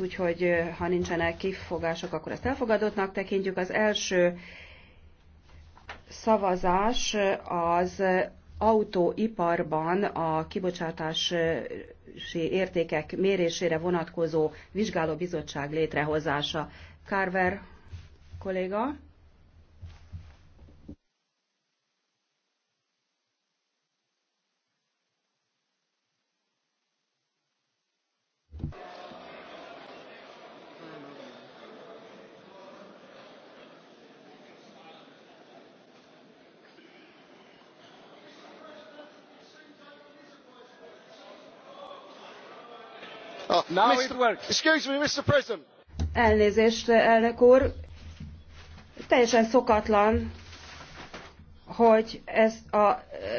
úgyhogy ha nincsenek kifogások, akkor ezt elfogadottnak tekintjük. Az első szavazás az autóiparban a kibocsátási értékek mérésére vonatkozó vizsgálóbizottság létrehozása. Carver kolléga. Elnézést, elnök úr. Teljesen szokatlan, hogy ez a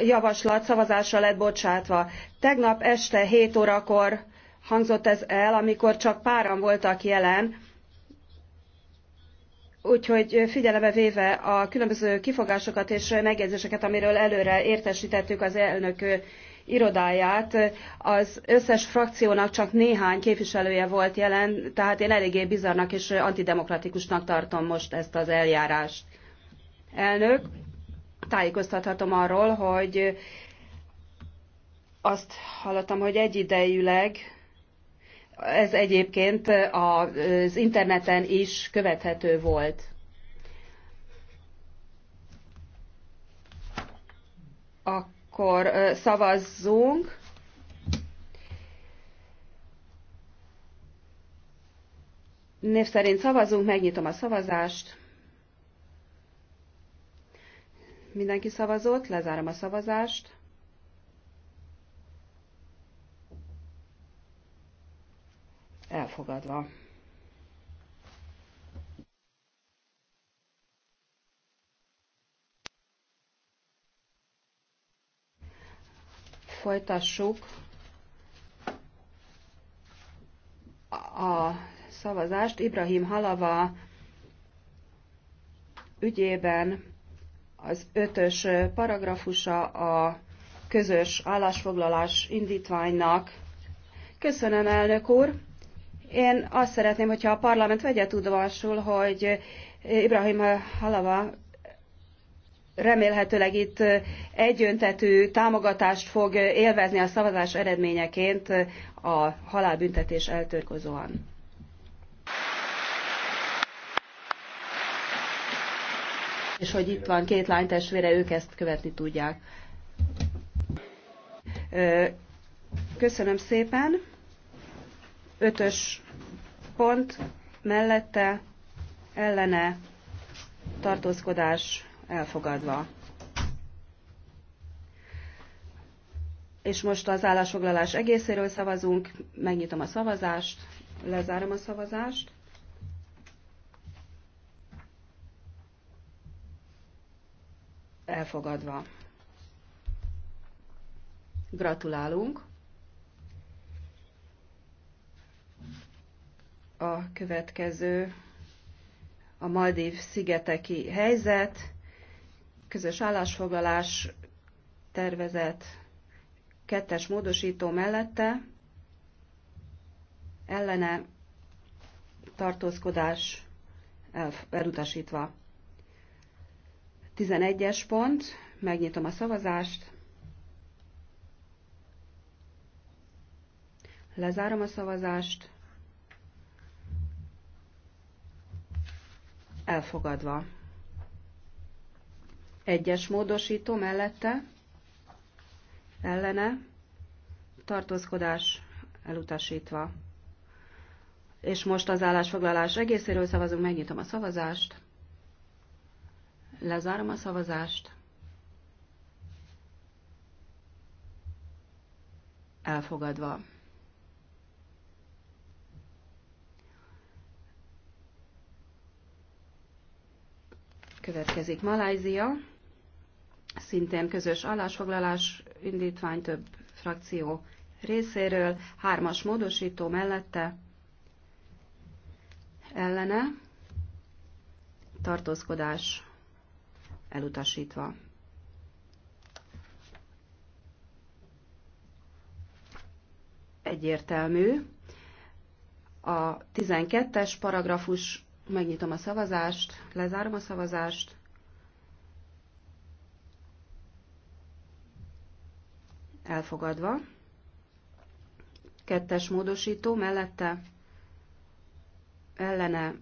javaslat szavazásra lett bocsátva. Tegnap este 7 órakor hangzott ez el, amikor csak páran voltak jelen, Úgyhogy figyelembe véve a különböző kifogásokat és megjegyzéseket, amiről előre értesítettük az elnök irodáját. Az összes frakciónak csak néhány képviselője volt jelen, tehát én eléggé bizarnak és antidemokratikusnak tartom most ezt az eljárást. Elnök, tájékoztathatom arról, hogy azt hallottam, hogy egyidejűleg ez egyébként az interneten is követhető volt. Akkor akkor szavazzunk. Név szerint szavazunk, megnyitom a szavazást. Mindenki szavazott, lezárom a szavazást. Elfogadva. folytassuk a szavazást. Ibrahim Halava ügyében az ötös paragrafusa a közös állásfoglalás indítványnak. Köszönöm, elnök úr! Én azt szeretném, hogyha a parlament vegye tudomásul, hogy Ibrahim Halava remélhetőleg itt egyöntetű támogatást fog élvezni a szavazás eredményeként a halálbüntetés eltörkozóan. És hogy itt van két lánytestvére, ők ezt követni tudják. Köszönöm szépen. Ötös pont mellette ellene tartózkodás elfogadva. És most az állásfoglalás egészéről szavazunk, megnyitom a szavazást, lezárom a szavazást. Elfogadva. Gratulálunk! a következő a Maldív szigeteki helyzet közös állásfoglalás tervezet kettes módosító mellette ellene tartózkodás elutasítva. 11-es pont, megnyitom a szavazást, lezárom a szavazást, elfogadva. Egyes módosító mellette ellene tartózkodás elutasítva. És most az állásfoglalás egészéről szavazunk, megnyitom a szavazást, lezárom a szavazást, elfogadva. Következik Malázia szintén közös állásfoglalás indítvány több frakció részéről, hármas módosító mellette ellene tartózkodás elutasítva. Egyértelmű. A 12-es paragrafus, megnyitom a szavazást, lezárom a szavazást, elfogadva. Kettes módosító mellette ellene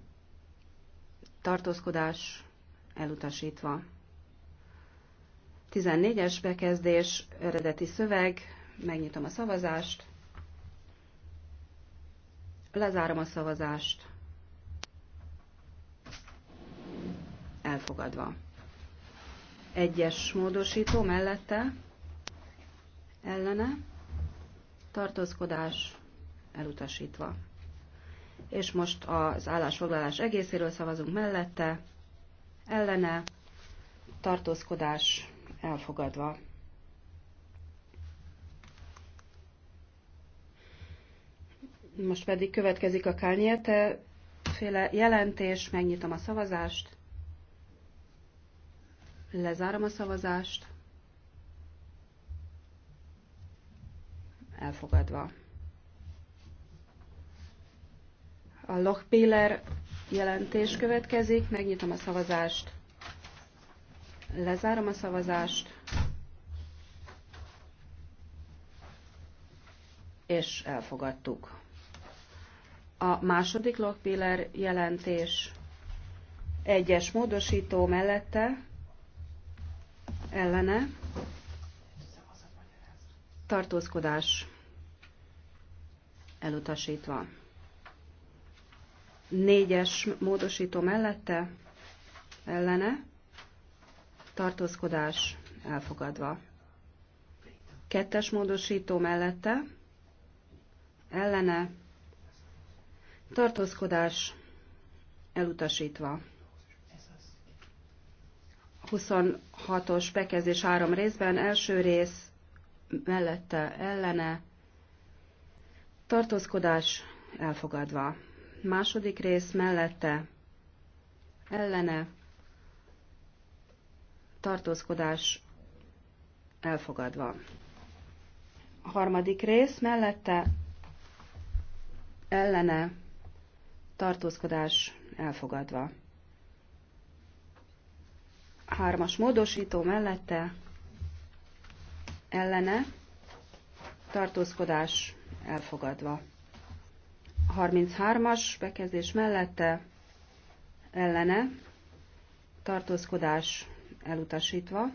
tartózkodás elutasítva. 14-es bekezdés, eredeti szöveg, megnyitom a szavazást, lezárom a szavazást, elfogadva. Egyes módosító mellette, ellene, tartózkodás elutasítva. És most az állásfoglalás egészéről szavazunk mellette, ellene, tartózkodás elfogadva. Most pedig következik a Kálnyéte féle jelentés, megnyitom a szavazást, lezárom a szavazást, elfogadva. A Lochpiller jelentés következik, megnyitom a szavazást, lezárom a szavazást, és elfogadtuk. A második Lochpiller jelentés egyes módosító mellette ellene tartózkodás elutasítva. Négyes módosító mellette, ellene, tartózkodás elfogadva. Kettes módosító mellette, ellene, tartózkodás elutasítva. 26-os bekezdés három részben, első rész mellette ellene tartózkodás elfogadva. Második rész mellette ellene tartózkodás elfogadva. A harmadik rész mellette ellene tartózkodás elfogadva. Hármas módosító mellette ellene, tartózkodás elfogadva. 33-as bekezdés mellette, ellene, tartózkodás elutasítva.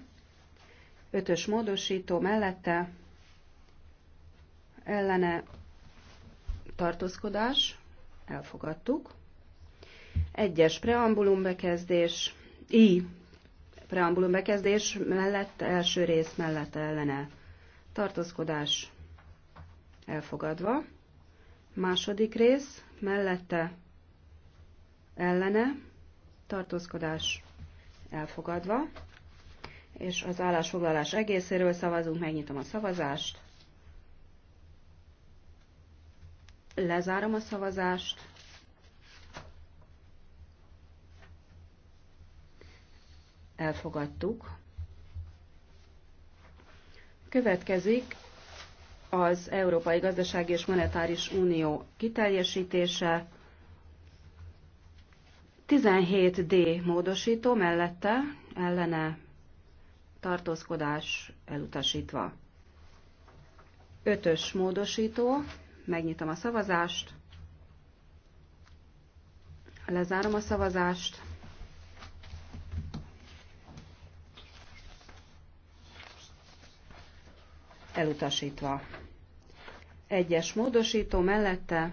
5-ös módosító mellette, ellene, tartózkodás, elfogadtuk. Egyes preambulum bekezdés, I preambulum bekezdés mellett, első rész mellett ellene tartózkodás elfogadva, második rész mellette ellene tartózkodás elfogadva, és az állásfoglalás egészéről szavazunk, megnyitom a szavazást, lezárom a szavazást, elfogadtuk. Következik az Európai Gazdasági és Monetáris Unió kiteljesítése. 17D módosító mellette ellene tartózkodás elutasítva. Ötös módosító, megnyitom a szavazást, lezárom a szavazást, elutasítva. Egyes módosító mellette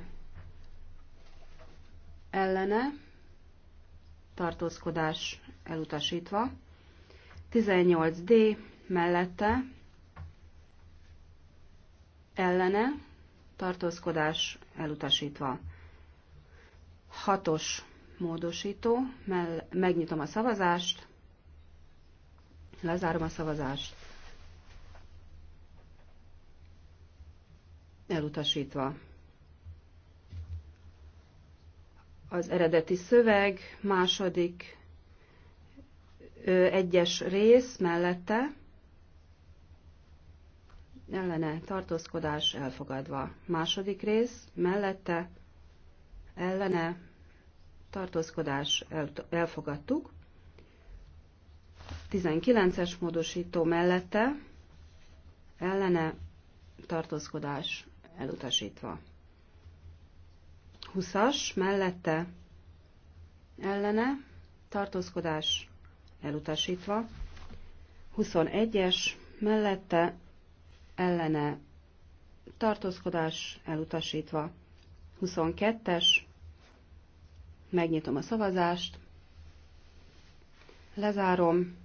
ellene tartózkodás elutasítva. 18D mellette ellene tartózkodás elutasítva. Hatos módosító, mell- megnyitom a szavazást, lezárom a szavazást. elutasítva. Az eredeti szöveg második egyes rész mellette ellene tartózkodás elfogadva. Második rész mellette ellene tartózkodás elfogadtuk. 19-es módosító mellette ellene tartózkodás elutasítva. 20-as mellette ellene tartózkodás elutasítva. 21-es mellette ellene tartózkodás elutasítva. 22-es, megnyitom a szavazást, lezárom,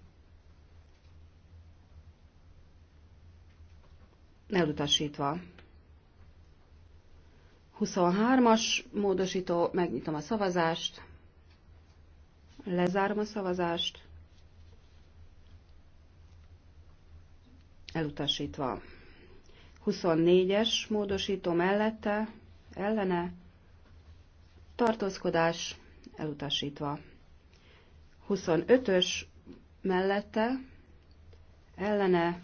elutasítva. 23-as módosító, megnyitom a szavazást, lezárom a szavazást, elutasítva. 24-es módosító mellette, ellene, tartózkodás, elutasítva. 25-ös mellette, ellene,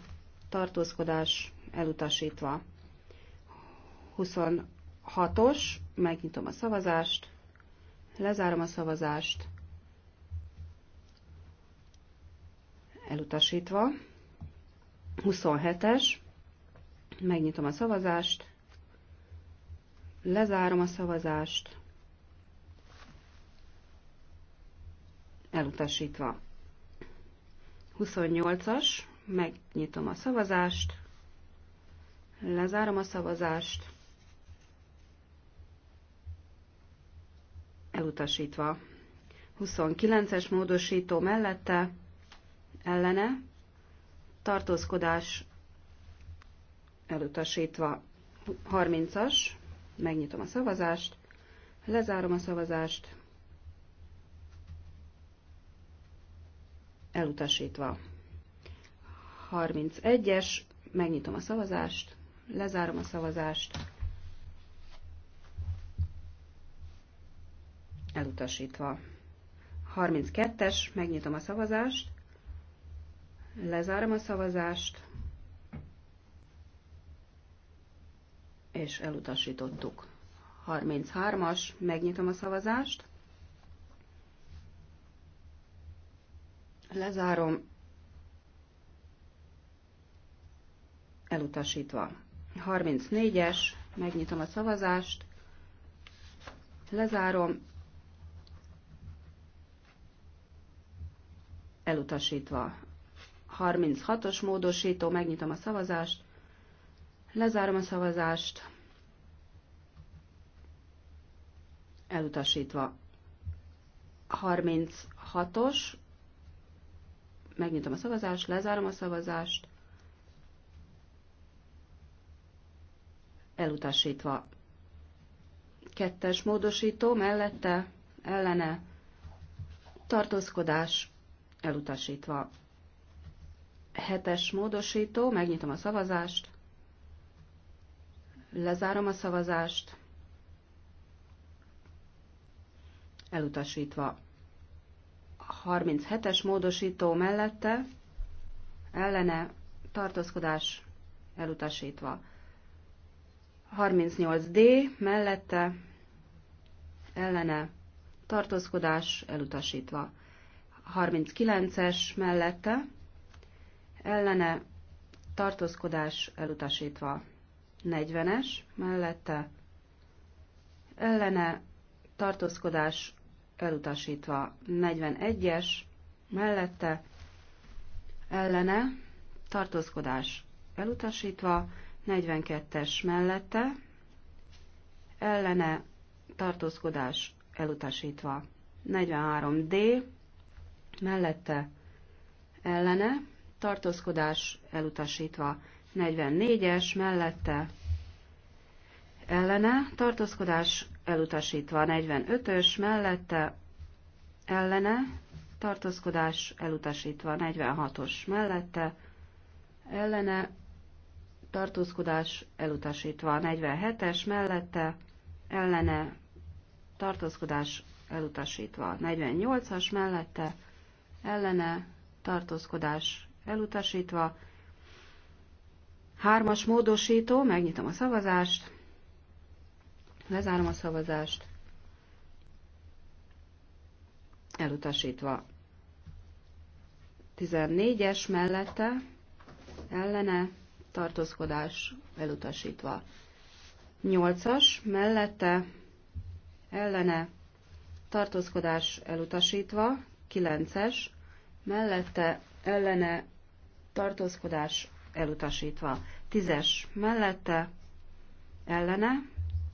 tartózkodás, elutasítva. 6-os, megnyitom a szavazást, lezárom a szavazást, elutasítva. 27-es, megnyitom a szavazást, lezárom a szavazást, elutasítva. 28-as, megnyitom a szavazást, lezárom a szavazást, elutasítva. 29-es módosító mellette ellene tartózkodás elutasítva. 30-as, megnyitom a szavazást, lezárom a szavazást, elutasítva. 31-es, megnyitom a szavazást, lezárom a szavazást, elutasítva. 32-es, megnyitom a szavazást, lezárom a szavazást, és elutasítottuk. 33-as, megnyitom a szavazást, lezárom, elutasítva. 34-es, megnyitom a szavazást, lezárom, elutasítva. 36-os módosító, megnyitom a szavazást, lezárom a szavazást, elutasítva. 36-os, megnyitom a szavazást, lezárom a szavazást, elutasítva. Kettes módosító mellette, ellene, tartózkodás, elutasítva. Hetes módosító, megnyitom a szavazást, lezárom a szavazást, elutasítva. 37-es módosító mellette, ellene tartózkodás elutasítva. 38D mellette, ellene tartózkodás elutasítva. 39-es mellette ellene tartózkodás elutasítva. 40-es mellette ellene tartózkodás elutasítva. 41-es mellette ellene tartózkodás elutasítva. 42-es mellette ellene tartózkodás elutasítva. 43D mellette ellene, tartózkodás elutasítva 44-es mellette ellene, tartózkodás elutasítva 45-ös mellette ellene, tartózkodás elutasítva 46-os mellette ellene, tartózkodás elutasítva 47-es mellette ellene, tartózkodás elutasítva 48-as mellette ellene tartózkodás elutasítva. Hármas módosító, megnyitom a szavazást, lezárom a szavazást, elutasítva. 14-es mellette ellene tartózkodás elutasítva. 8-as mellette ellene tartózkodás elutasítva, 9-es mellette ellene tartózkodás elutasítva. Tízes mellette ellene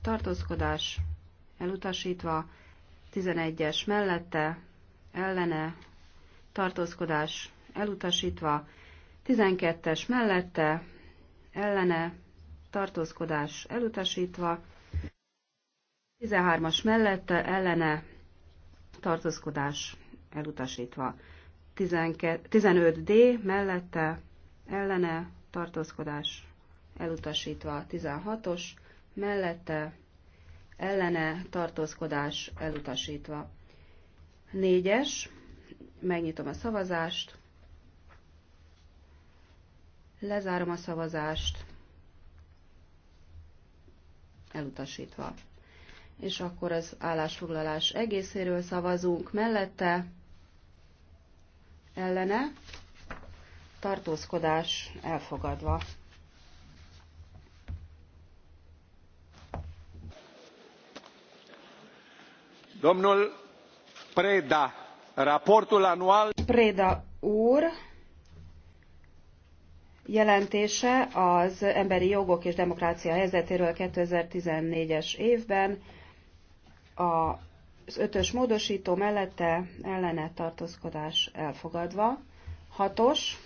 tartózkodás elutasítva. Tizenegyes mellette ellene tartózkodás elutasítva. Tizenkettes mellette ellene tartózkodás elutasítva. 13-as mellette ellene tartózkodás elutasítva. 15D mellette ellene tartózkodás elutasítva 16-os, mellette ellene tartózkodás elutasítva 4-es, megnyitom a szavazást, lezárom a szavazást, elutasítva. És akkor az állásfoglalás egészéről szavazunk, mellette ellene, tartózkodás elfogadva. Domnul Preda, raportul anual... Preda úr jelentése az emberi jogok és demokrácia helyzetéről 2014-es évben a az ötös módosító mellette ellene tartózkodás elfogadva. Hatos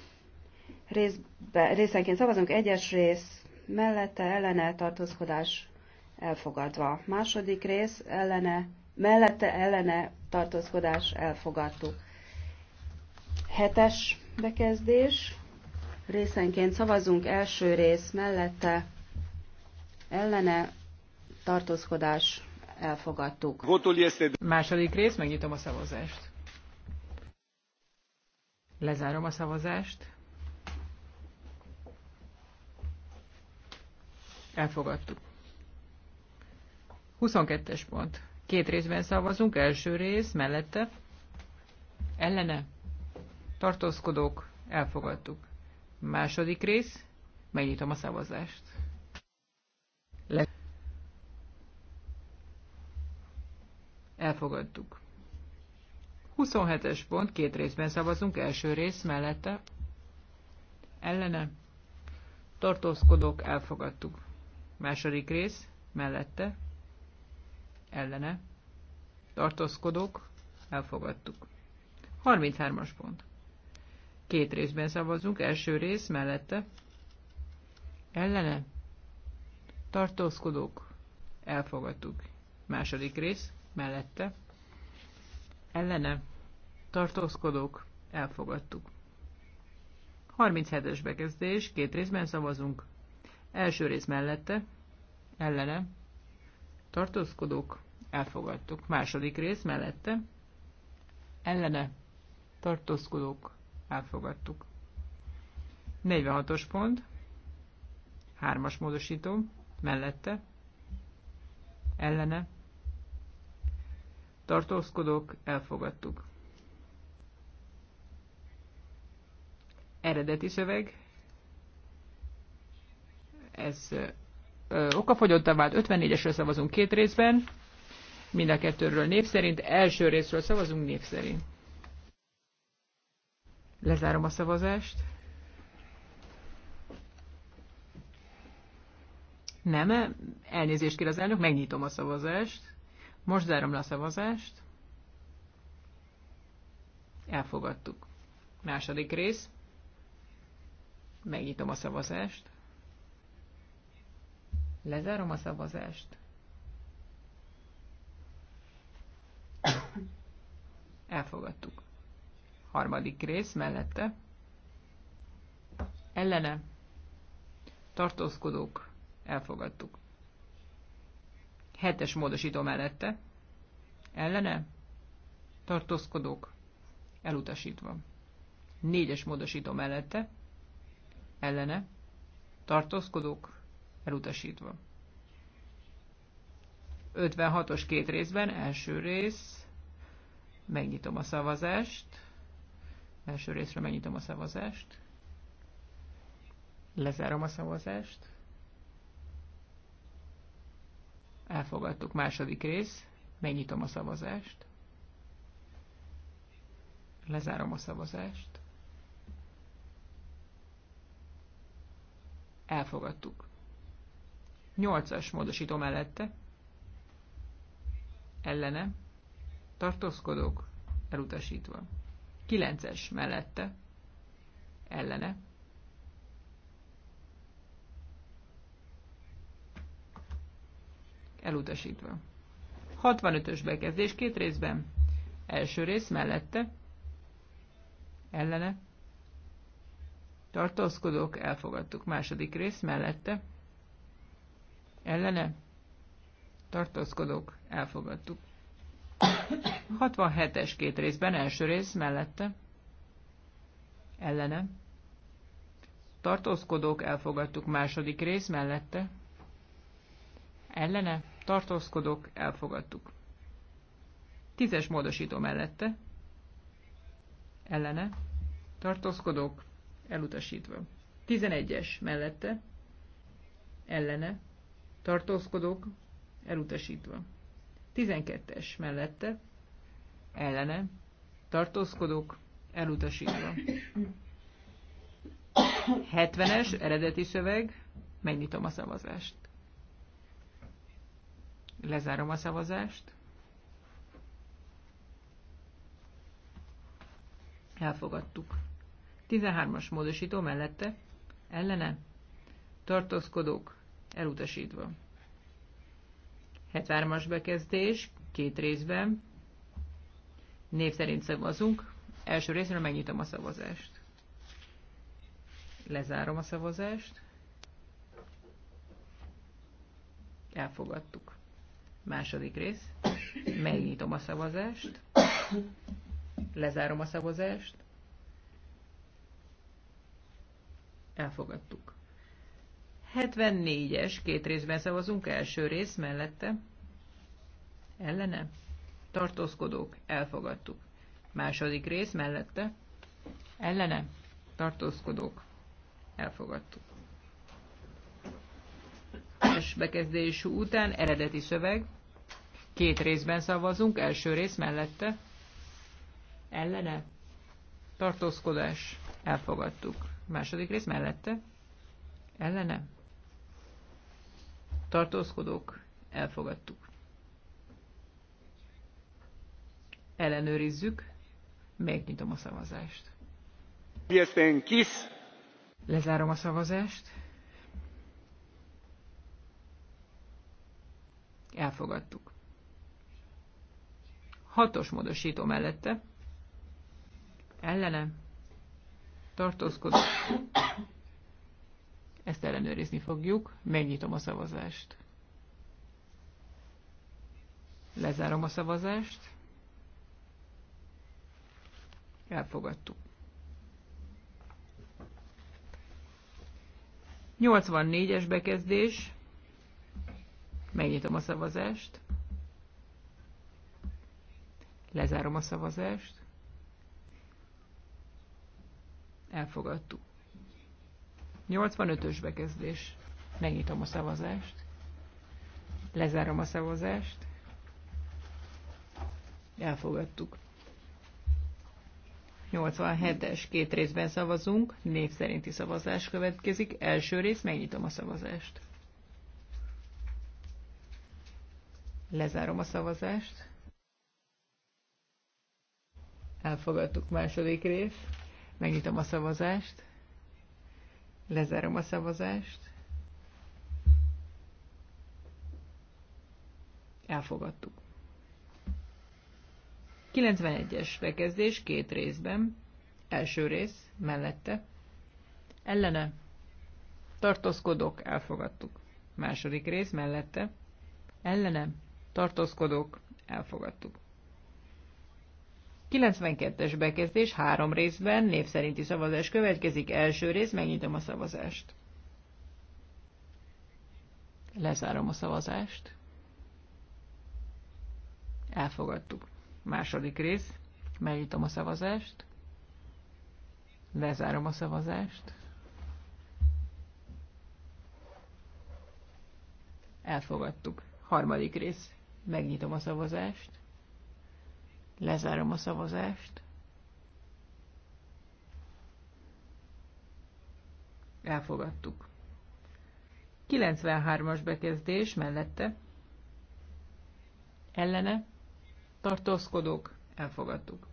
részbe, részenként szavazunk egyes rész mellette ellene tartózkodás elfogadva. Második rész ellene, mellette ellene tartózkodás elfogadtuk. Hetes bekezdés. Részenként szavazunk első rész mellette ellene tartózkodás elfogadtuk. Második rész, megnyitom a szavazást. Lezárom a szavazást. Elfogadtuk. 22-es pont. Két részben szavazunk, első rész, mellette, ellene, tartózkodók, elfogadtuk. Második rész, megnyitom a szavazást. Le Elfogadtuk. 27-es pont, két részben szavazunk, első rész mellette, ellene, tartózkodók, elfogadtuk. Második rész, mellette, ellene, tartózkodók, elfogadtuk. 33-as pont. Két részben szavazunk, első rész, mellette, ellene, tartózkodók, elfogadtuk. Második rész, mellette, ellene, tartózkodók, elfogadtuk. 37-es bekezdés, két részben szavazunk. Első rész mellette, ellene, tartózkodók, elfogadtuk. Második rész mellette, ellene, tartózkodók, elfogadtuk. 46-os pont, hármas módosító, mellette, ellene, tartózkodók, elfogadtuk. Eredeti szöveg, ez ö, okafogyottá vált, 54-esről szavazunk két részben, mind a kettőről név szerint, első részről szavazunk név szerint. Lezárom a szavazást. Nem, elnézést kér az elnök, megnyitom a szavazást. Most zárom le a szavazást. Elfogadtuk. Második rész. Megnyitom a szavazást. Lezárom a szavazást. Elfogadtuk. Harmadik rész mellette. Ellene. Tartózkodók. Elfogadtuk. Hetes módosító mellette. Ellene? Tartózkodók. Elutasítva. Négyes módosító mellette. Ellene? Tartózkodók. Elutasítva. 56-os két részben, első rész, megnyitom a szavazást, első részre megnyitom a szavazást, lezárom a szavazást, Elfogadtuk. Második rész. Megnyitom a szavazást. Lezárom a szavazást. Elfogadtuk. Nyolcas módosító mellette. Ellene. Tartózkodók. Elutasítva. Kilences mellette. Ellene. elutasítva. 65-ös bekezdés két részben. Első rész mellette, ellene, tartózkodók, elfogadtuk. Második rész mellette, ellene, tartózkodók, elfogadtuk. 67-es két részben, első rész mellette, ellene, tartózkodók, elfogadtuk. Második rész mellette, ellene, Tartózkodok, elfogadtuk. Tízes módosító mellette, ellene, Tartózkodok, elutasítva. Tizenegyes mellette, ellene, Tartózkodok, elutasítva. Tizenkettes mellette, ellene, Tartózkodok, elutasítva. 70-es eredeti szöveg, megnyitom a szavazást. Lezárom a szavazást. Elfogadtuk. 13-as módosító mellette, ellene, tartózkodók, elutasítva. 73-as bekezdés, két részben, név szerint szavazunk. Első részben megnyitom a szavazást. Lezárom a szavazást. Elfogadtuk. Második rész. Megnyitom a szavazást. Lezárom a szavazást. Elfogadtuk. 74-es, két részben szavazunk, első rész mellette. Ellene? Tartózkodók, elfogadtuk. Második rész mellette. Ellene? Tartózkodók, elfogadtuk szavazás bekezdés után eredeti szöveg. Két részben szavazunk, első rész mellette. Ellene. Tartózkodás. Elfogadtuk. Második rész mellette. Ellene. Tartózkodók. Elfogadtuk. Ellenőrizzük. Megnyitom a szavazást. Lezárom a szavazást. Elfogadtuk. Hatos módosító mellette. Ellene. Tartózkodó. Ezt ellenőrizni fogjuk. Megnyitom a szavazást. Lezárom a szavazást. Elfogadtuk. 84-es bekezdés. Megnyitom a szavazást. Lezárom a szavazást. Elfogadtuk. 85-ös bekezdés. Megnyitom a szavazást. Lezárom a szavazást. Elfogadtuk. 87-es két részben szavazunk, név szerinti szavazás következik. Első rész, megnyitom a szavazást. Lezárom a szavazást. Elfogadtuk második rész. Megnyitom a szavazást. Lezárom a szavazást. Elfogadtuk. 91-es bekezdés két részben. Első rész, mellette. Ellene. Tartózkodok, elfogadtuk. Második rész, mellette. Ellene tartózkodók, elfogadtuk. 92-es bekezdés három részben név szerinti szavazás következik. Első rész, megnyitom a szavazást. Lezárom a szavazást. Elfogadtuk. Második rész, megnyitom a szavazást. Lezárom a szavazást. Elfogadtuk. Harmadik rész. Megnyitom a szavazást. Lezárom a szavazást. Elfogadtuk. 93-as bekezdés mellette. Ellene. Tartózkodók. Elfogadtuk.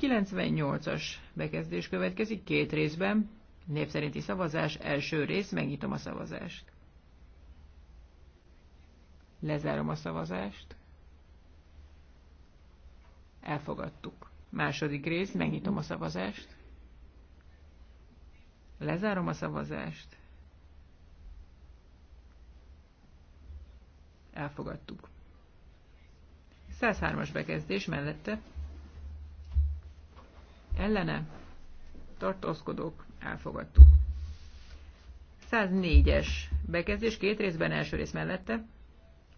98-as bekezdés következik két részben. Népszerinti szavazás, első rész, megnyitom a szavazást. Lezárom a szavazást. Elfogadtuk. Második rész, megnyitom a szavazást. Lezárom a szavazást. Elfogadtuk. 103-as bekezdés mellette. Ellene. Tartózkodók. Elfogadtuk. 104-es bekezdés két részben, első rész mellette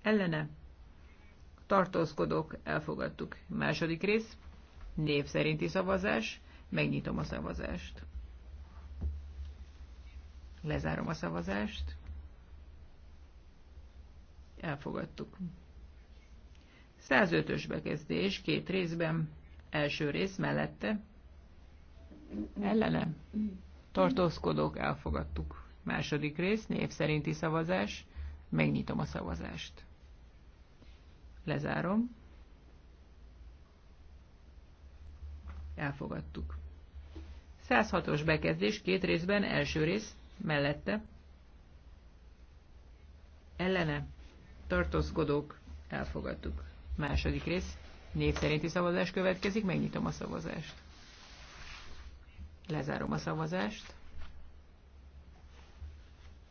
ellene tartózkodók, elfogadtuk. Második rész, név szerinti szavazás, megnyitom a szavazást. Lezárom a szavazást. Elfogadtuk. 105-ös bekezdés, két részben, első rész mellette, ellene, tartózkodók, elfogadtuk. Második rész, név szerinti szavazás, megnyitom a szavazást. Lezárom. Elfogadtuk. 106-os bekezdés két részben, első rész, mellette. Ellene. Tartózkodók. Elfogadtuk. Második rész. Név szerinti szavazás következik, megnyitom a szavazást. Lezárom a szavazást.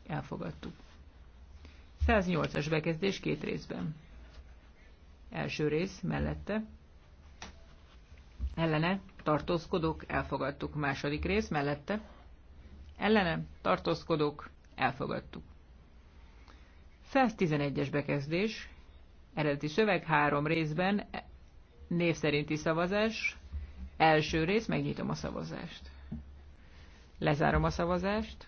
Elfogadtuk. 108-as bekezdés két részben. Első rész mellette. Ellene tartózkodók elfogadtuk. Második rész mellette. Ellene tartózkodók elfogadtuk. 111-es bekezdés. Eredeti szöveg három részben név szerinti szavazás. Első rész, megnyitom a szavazást. Lezárom a szavazást.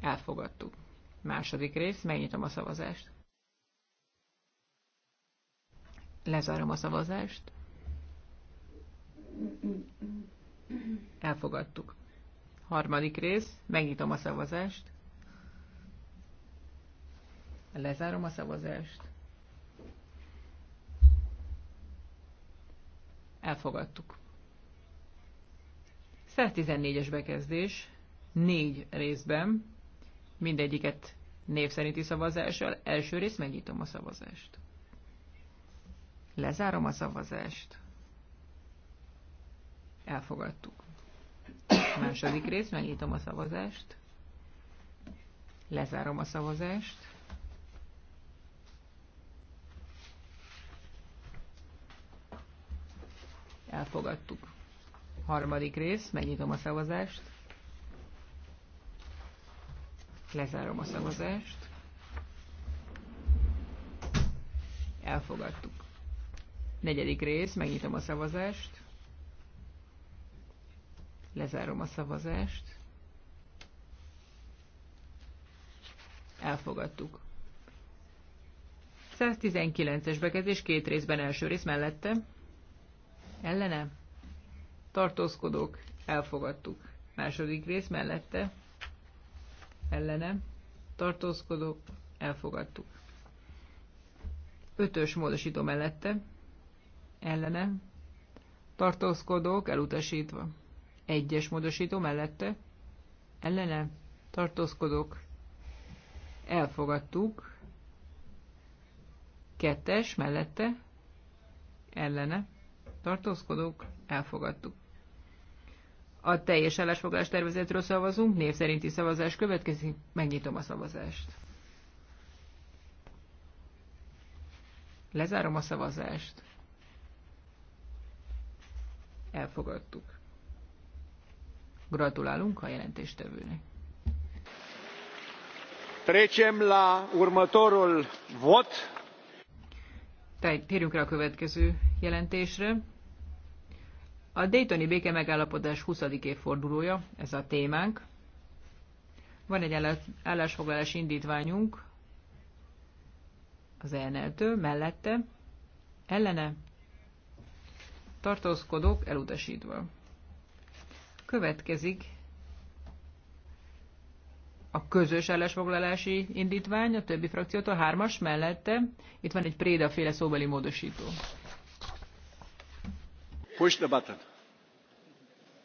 Elfogadtuk. Második rész, megnyitom a szavazást. Lezárom a szavazást. Elfogadtuk. Harmadik rész, megnyitom a szavazást. Lezárom a szavazást. Elfogadtuk. 114-es bekezdés, négy részben, mindegyiket név szerinti szavazással. Első rész, megnyitom a szavazást. Lezárom a szavazást. Elfogadtuk. Második rész, megnyitom a szavazást. Lezárom a szavazást. Elfogadtuk. Harmadik rész, megnyitom a szavazást. Lezárom a szavazást. Elfogadtuk. Negyedik rész, megnyitom a szavazást. Lezárom a szavazást. Elfogadtuk. 119-es bekezdés két részben első rész mellette. Ellene? Tartózkodók. Elfogadtuk. Második rész mellette. Ellene? Tartózkodók. Elfogadtuk. Ötös módosító mellette ellene, tartózkodók elutasítva. Egyes módosító mellette, ellene, tartózkodók elfogadtuk. Kettes mellette, ellene, tartózkodók elfogadtuk. A teljes állásfoglalás tervezetről szavazunk, név szerinti szavazás következik, megnyitom a szavazást. Lezárom a szavazást elfogadtuk. Gratulálunk a jelentéstevőnek. Trecem la următorul vot. Térjünk rá a következő jelentésre. A Daytoni béke megállapodás 20. évfordulója, ez a témánk. Van egy állásfoglalás indítványunk az elneltől, mellette, ellene, tartózkodók elutasítva. Következik a közös állásfoglalási indítvány, a többi frakciótól hármas mellette. Itt van egy féle szóbeli módosító. Push the button.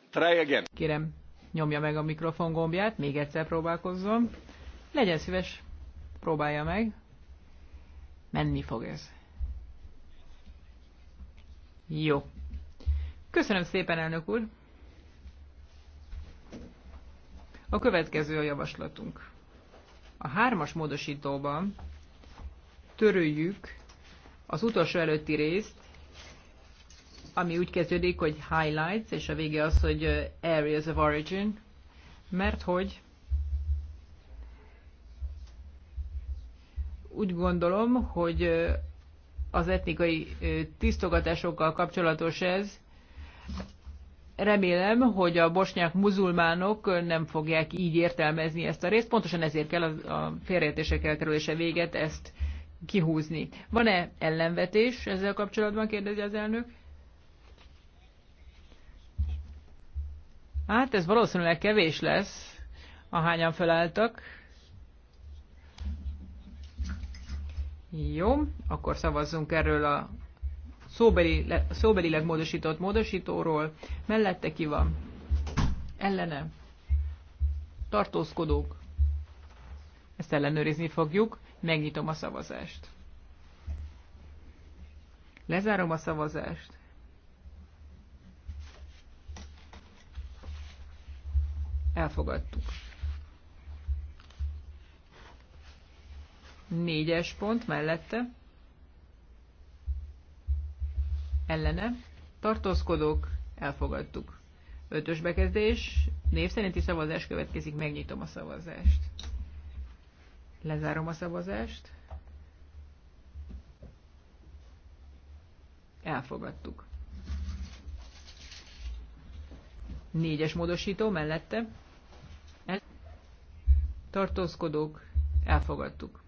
Try again. Kérem, nyomja meg a mikrofon gombját, még egyszer próbálkozzon. Legyen szíves, próbálja meg. Menni fog ez. Jó, Köszönöm szépen, elnök úr! A következő a javaslatunk. A hármas módosítóban töröljük az utolsó előtti részt, ami úgy kezdődik, hogy highlights, és a vége az, hogy uh, areas of origin, mert hogy úgy gondolom, hogy uh, az etnikai uh, tisztogatásokkal kapcsolatos ez, Remélem, hogy a bosnyák muzulmánok nem fogják így értelmezni ezt a részt. Pontosan ezért kell a félreértések elkerülése véget ezt kihúzni. Van-e ellenvetés ezzel kapcsolatban, kérdezi az elnök? Hát ez valószínűleg kevés lesz, ahányan felálltak. Jó, akkor szavazzunk erről a szóbeli, szóbelileg módosított módosítóról, mellette ki van, ellene, tartózkodók, ezt ellenőrizni fogjuk, megnyitom a szavazást. Lezárom a szavazást. Elfogadtuk. Négyes pont mellette ellene tartózkodók elfogadtuk. Ötös bekezdés, név szerinti szavazás következik, megnyitom a szavazást. Lezárom a szavazást. Elfogadtuk. Négyes módosító mellette. Tartózkodók, elfogadtuk.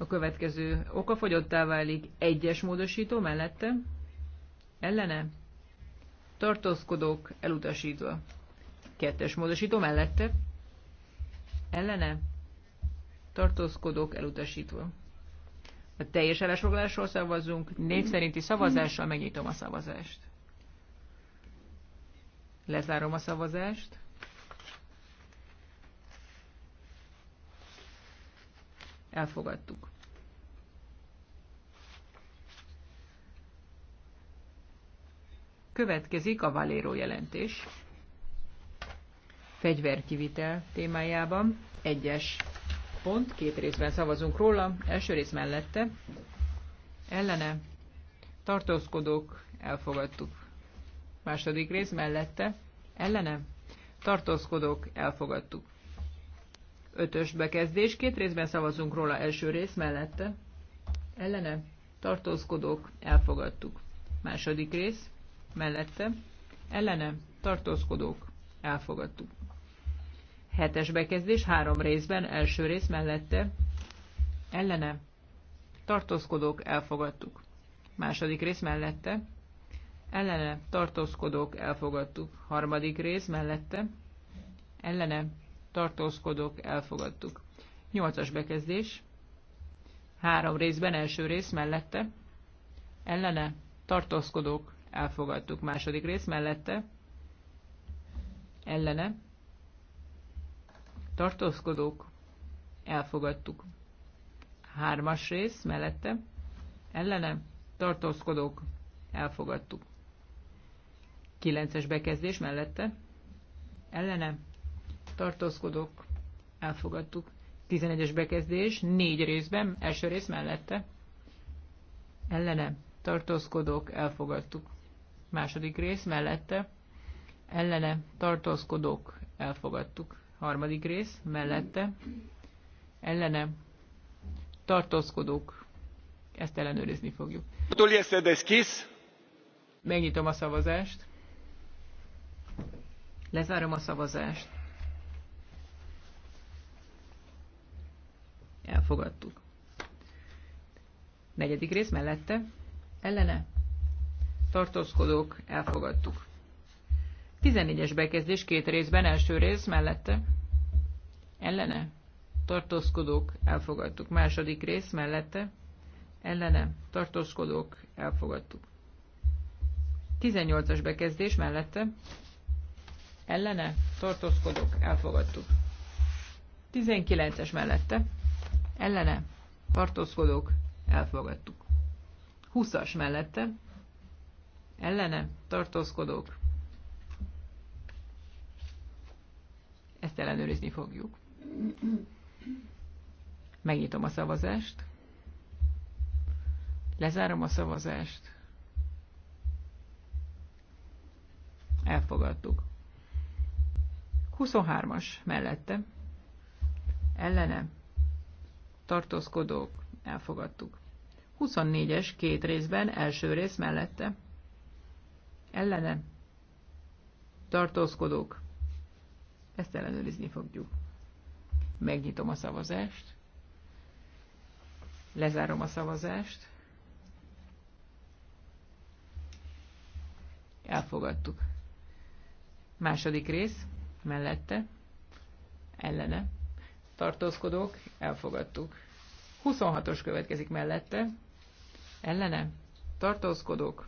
A következő fogyottá válik egyes módosító mellette. Ellene. Tartózkodók elutasítva. Kettes módosító mellette. Ellene. Tartózkodók elutasítva. A teljes elesfoglalásról szavazunk, név szerinti szavazással megnyitom a szavazást. Lezárom a szavazást. Elfogadtuk. Következik a Valéró jelentés. Fegyverkivitel témájában egyes pont, két részben szavazunk róla, első rész mellette, ellene, tartózkodók, elfogadtuk. Második rész mellette, ellene, tartózkodók, elfogadtuk ötös bekezdés. Két részben szavazunk róla első rész mellette. Ellene tartózkodók elfogadtuk. Második rész mellette. Ellene tartózkodók elfogadtuk. Hetes bekezdés három részben első rész mellette. Ellene tartózkodók elfogadtuk. Második rész mellette. Ellene tartózkodók elfogadtuk. Harmadik rész mellette. Ellene tartózkodok, elfogadtuk. Nyolcas bekezdés. Három részben, első rész mellette. Ellene, tartózkodok, elfogadtuk. Második rész mellette. Ellene, tartózkodok, elfogadtuk. Hármas rész mellette. Ellene, tartózkodok, elfogadtuk. Kilences bekezdés mellette. Ellene, tartózkodok, elfogadtuk. 11-es bekezdés, négy részben, első rész mellette, ellene, tartózkodok, elfogadtuk. Második rész mellette, ellene, tartózkodok, elfogadtuk. Harmadik rész mellette, ellene, tartózkodok, ezt ellenőrizni fogjuk. Megnyitom a szavazást. Lezárom a szavazást. Elfogadtuk. Negyedik rész mellette. Ellene. Tartózkodók. Elfogadtuk. 14-es bekezdés két részben, első rész mellette. Ellene. Tartózkodók. Elfogadtuk. Második rész mellette. Ellene. Tartózkodók. Elfogadtuk. 18-as bekezdés mellette. Ellene. Tartózkodók. Elfogadtuk. 19-es mellette ellene tartózkodók elfogadtuk. 20-as mellette ellene tartózkodók ezt ellenőrizni fogjuk. Megnyitom a szavazást. Lezárom a szavazást. Elfogadtuk. 23-as mellette. Ellene tartózkodók, elfogadtuk. 24-es két részben, első rész mellette. Ellene. Tartózkodók. Ezt ellenőrizni fogjuk. Megnyitom a szavazást. Lezárom a szavazást. Elfogadtuk. Második rész mellette. Ellene tartózkodók, elfogadtuk. 26-os következik mellette, ellene, tartózkodók,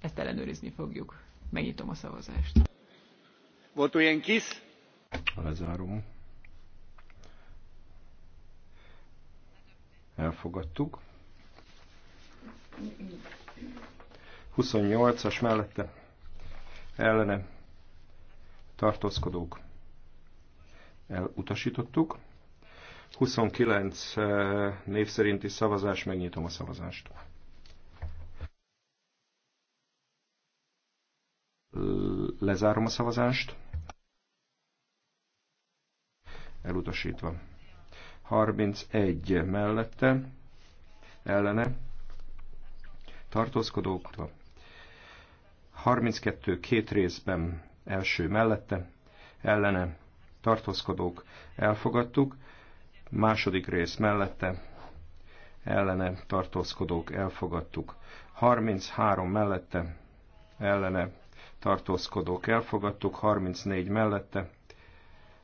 ezt ellenőrizni fogjuk. Megnyitom a szavazást. Volt kis? închis. Lezáró. Elfogadtuk. 28-as mellette ellene tartózkodók elutasítottuk. 29 eh, név szerinti szavazás, megnyitom a szavazást. Lezárom a szavazást. Elutasítva. 31 mellette, ellene, tartózkodók. 32 két részben, első mellette, ellene, tartózkodók elfogadtuk, második rész mellette ellene tartózkodók elfogadtuk, 33 mellette ellene tartózkodók elfogadtuk, 34 mellette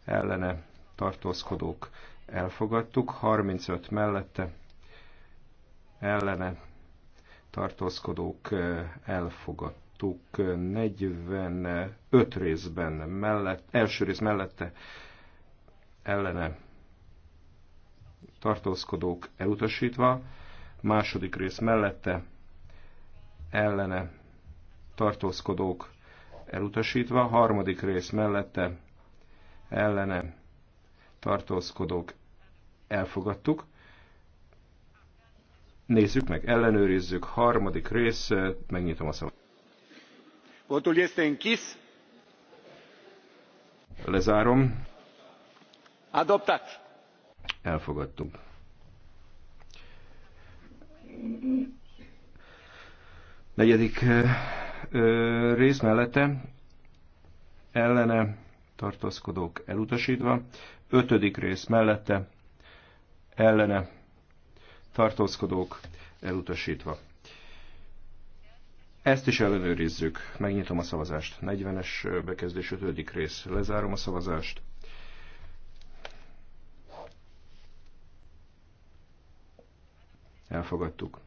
ellene tartózkodók elfogadtuk, 35 mellette ellene tartózkodók eh, elfogadtuk láttuk 45 részben mellett, első rész mellette ellene tartózkodók elutasítva, második rész mellette ellene tartózkodók elutasítva, harmadik rész mellette ellene tartózkodók elfogadtuk. Nézzük meg, ellenőrizzük, harmadik rész, megnyitom a szavat votul este închis. lezárom. adoptat. elfogadtuk. negyedik ö, rész mellette ellene tartózkodók elutasítva, ötödik rész mellette ellene tartózkodók elutasítva. Ezt is ellenőrizzük. Megnyitom a szavazást. 40-es bekezdés 5. rész. Lezárom a szavazást. Elfogadtuk.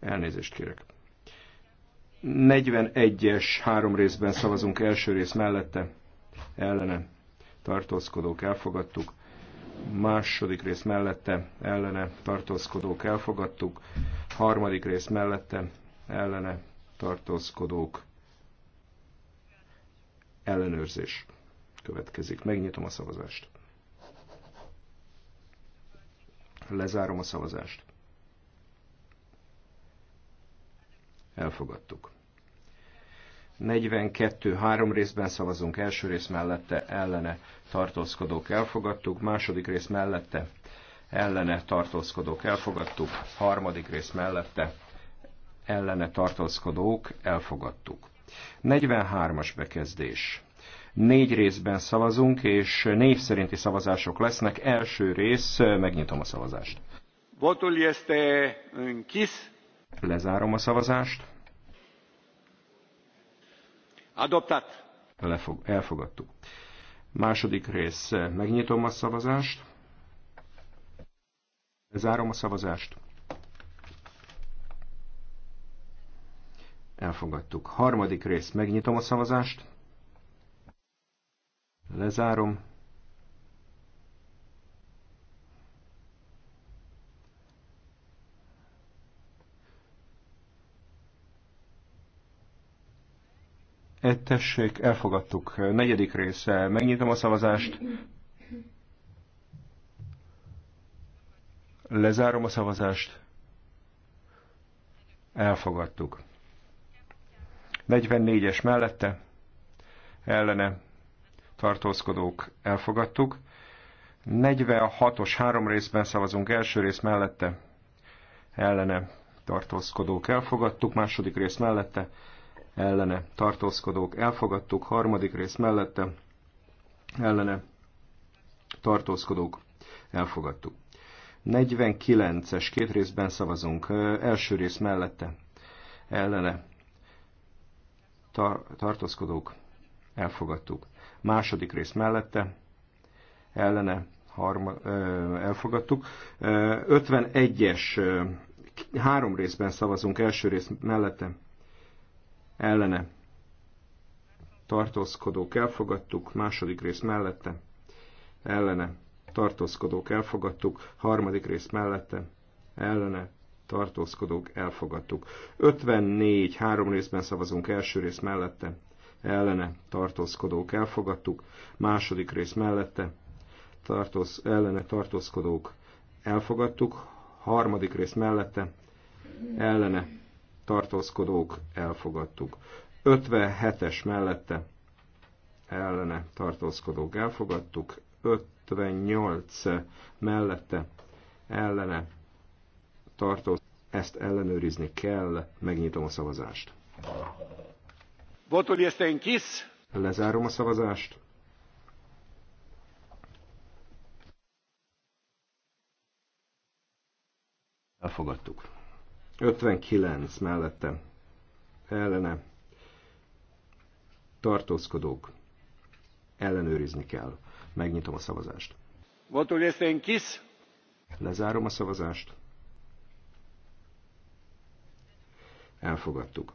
Elnézést kérek. 41-es három részben szavazunk első rész mellette. Ellene. Tartózkodók elfogadtuk második rész mellette ellene tartózkodók elfogadtuk, harmadik rész mellette ellene tartózkodók ellenőrzés következik. Megnyitom a szavazást. Lezárom a szavazást. Elfogadtuk. 42. Három részben szavazunk. Első rész mellette ellene tartózkodók elfogadtuk. Második rész mellette ellene tartózkodók elfogadtuk. Harmadik rész mellette ellene tartózkodók elfogadtuk. 43-as bekezdés. Négy részben szavazunk, és név szerinti szavazások lesznek. Első rész, megnyitom a szavazást. Votul este închis. Lezárom a szavazást. Adoptat. Lefog, elfogadtuk. Második rész. Megnyitom a szavazást. Zárom a szavazást. Elfogadtuk. Harmadik rész. Megnyitom a szavazást. Lezárom. E, tessék, elfogadtuk. Negyedik része. Megnyitom a szavazást. Lezárom a szavazást. Elfogadtuk. 44-es mellette. Ellene. Tartózkodók. Elfogadtuk. 46-os három részben szavazunk. Első rész mellette. Ellene. Tartózkodók. Elfogadtuk. Második rész mellette ellene tartózkodók elfogadtuk, harmadik rész mellette ellene tartózkodók elfogadtuk. 49-es két részben szavazunk, első rész mellette ellene tar- tartózkodók elfogadtuk. Második rész mellette ellene harma, ö, elfogadtuk. 51-es három részben szavazunk, első rész mellette ellene tartózkodók elfogadtuk, második rész mellette ellene tartózkodók elfogadtuk, harmadik rész mellette ellene tartózkodók elfogadtuk. 54 három részben szavazunk első rész mellette ellene tartózkodók elfogadtuk, második rész mellette tartóz, ellene tartózkodók elfogadtuk, harmadik rész mellette ellene tartózkodók elfogadtuk. 57-es mellette ellene tartózkodók elfogadtuk, 58 mellette ellene tartóz. Ezt ellenőrizni kell, megnyitom a szavazást. Votul este închis. Lezárom a szavazást. Elfogadtuk. 59 mellette ellene tartózkodók ellenőrizni kell. Megnyitom a szavazást. Votul este închis. Lezárom a szavazást. Elfogadtuk.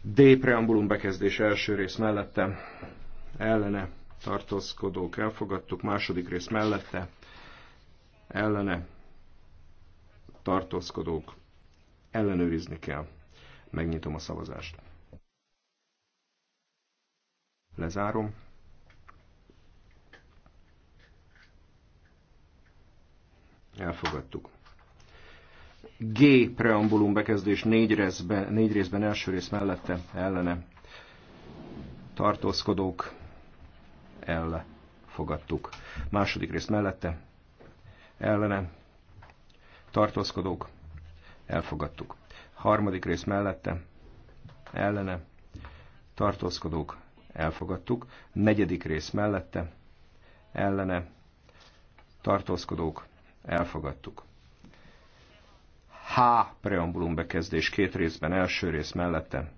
D. Preambulum bekezdés első rész mellette ellene tartózkodók elfogadtuk, második rész mellette ellene tartózkodók, ellenőrizni kell. Megnyitom a szavazást. Lezárom. Elfogadtuk. G preambulum bekezdés négy részben, négy részben első rész mellette ellene tartózkodók elfogadtuk. Második rész mellette ellene tartózkodók, elfogadtuk. Harmadik rész mellette, ellene, tartózkodók, elfogadtuk. Negyedik rész mellette, ellene, tartózkodók, elfogadtuk. H. preambulum bekezdés két részben, első rész mellette,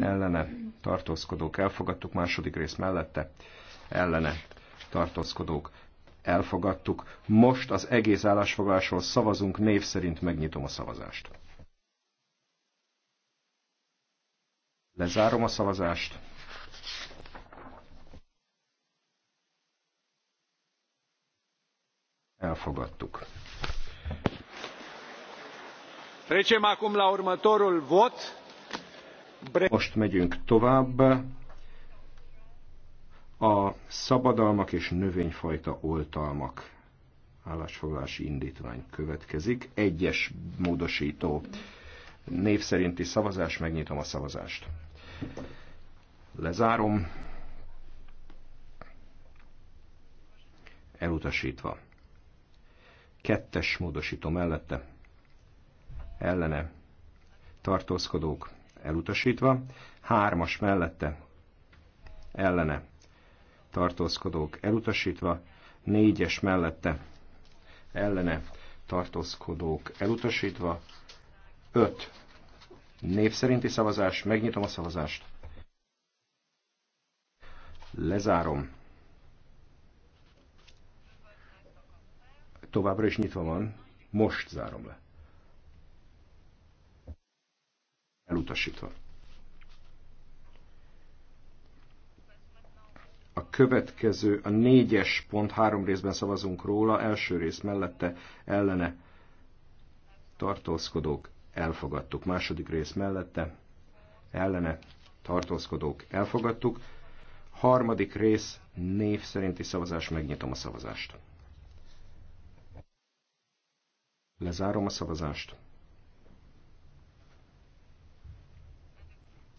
ellene, tartózkodók, elfogadtuk. Második rész mellette, ellene, tartózkodók, elfogadtuk. Most az egész állásfogásról szavazunk, név szerint megnyitom a szavazást. Lezárom a szavazást. Elfogadtuk. Trecem acum la următorul vot. Most megyünk tovább a szabadalmak és növényfajta oltalmak állásfoglalási indítvány következik. Egyes módosító név szerinti szavazás, megnyitom a szavazást. Lezárom. Elutasítva. Kettes módosító mellette. Ellene. Tartózkodók. Elutasítva. Hármas mellette. Ellene tartózkodók elutasítva, négyes mellette ellene tartózkodók elutasítva, öt név szerinti szavazás, megnyitom a szavazást, lezárom, továbbra is nyitva van, most zárom le. Elutasítva. A következő, a négyes pont, három részben szavazunk róla, első rész mellette ellene tartózkodók elfogadtuk. Második rész mellette ellene tartózkodók elfogadtuk. Harmadik rész név szerinti szavazás, megnyitom a szavazást. Lezárom a szavazást.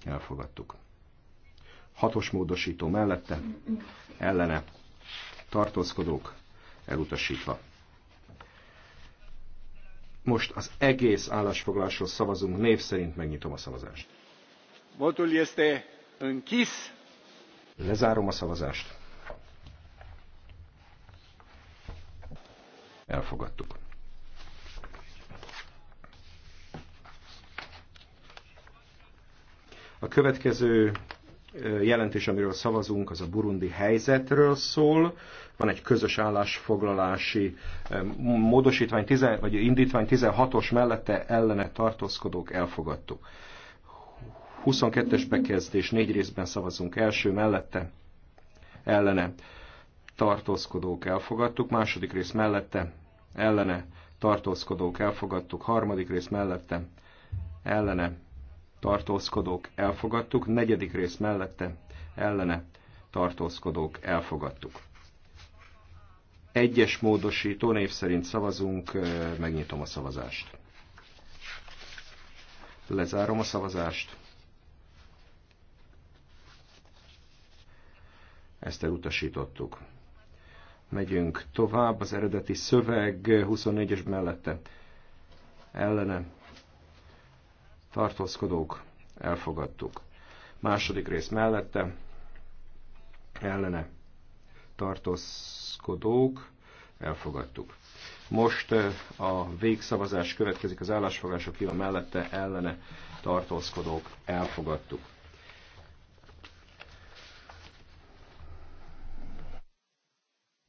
Elfogadtuk. Hatos módosító mellette, ellene, tartózkodók, elutasítva. Most az egész állásfoglalásról szavazunk, név szerint megnyitom a szavazást. Votul este închis. Lezárom a szavazást. Elfogadtuk. A következő jelentés, amiről szavazunk, az a burundi helyzetről szól. Van egy közös állásfoglalási módosítvány, vagy indítvány 16-os mellette ellene tartózkodók elfogadtuk. 22-es bekezdés, négy részben szavazunk első mellette, ellene tartózkodók elfogadtuk, második rész mellette, ellene tartózkodók elfogadtuk, harmadik rész mellette, ellene tartózkodók elfogadtuk, negyedik rész mellette ellene tartózkodók elfogadtuk. Egyes módosító név szerint szavazunk, megnyitom a szavazást. Lezárom a szavazást. Ezt elutasítottuk. Megyünk tovább, az eredeti szöveg 24-es mellette ellene tartózkodók, elfogadtuk. Második rész mellette, ellene, tartózkodók, elfogadtuk. Most a végszavazás következik, az állásfogások ki a mellette, ellene, tartózkodók, elfogadtuk.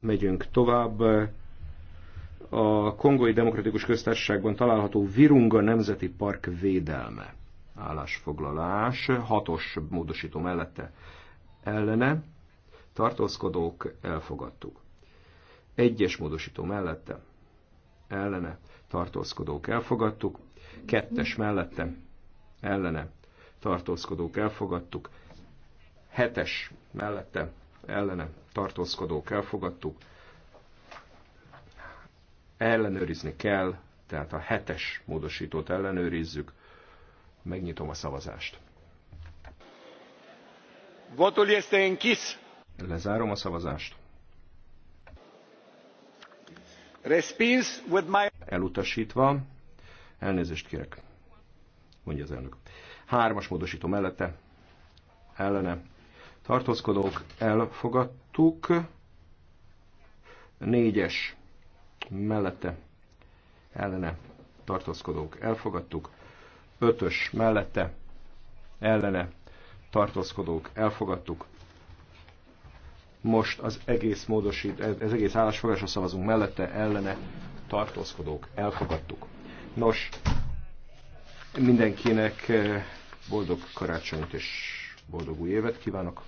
Megyünk tovább a Kongói Demokratikus Köztársaságban található Virunga Nemzeti Park védelme. Állásfoglalás, hatos módosító mellette ellene, tartózkodók elfogadtuk. Egyes módosító mellette ellene, tartózkodók elfogadtuk. Kettes mellette ellene, tartózkodók elfogadtuk. Hetes mellette ellene, tartózkodók elfogadtuk ellenőrizni kell, tehát a hetes módosítót ellenőrizzük. Megnyitom a szavazást. Votul este închis. Lezárom a szavazást. Respins with my... Elutasítva. Elnézést kérek, mondja az elnök. Hármas módosító mellette, ellene. Tartózkodók elfogadtuk. Négyes mellette ellene tartózkodók elfogadtuk, 5-ös mellette ellene tartózkodók elfogadtuk. Most az egész módosít, az egész állásfogásra szavazunk mellette ellene tartózkodók elfogadtuk. Nos, mindenkinek eh, boldog karácsonyt és boldog új évet kívánok!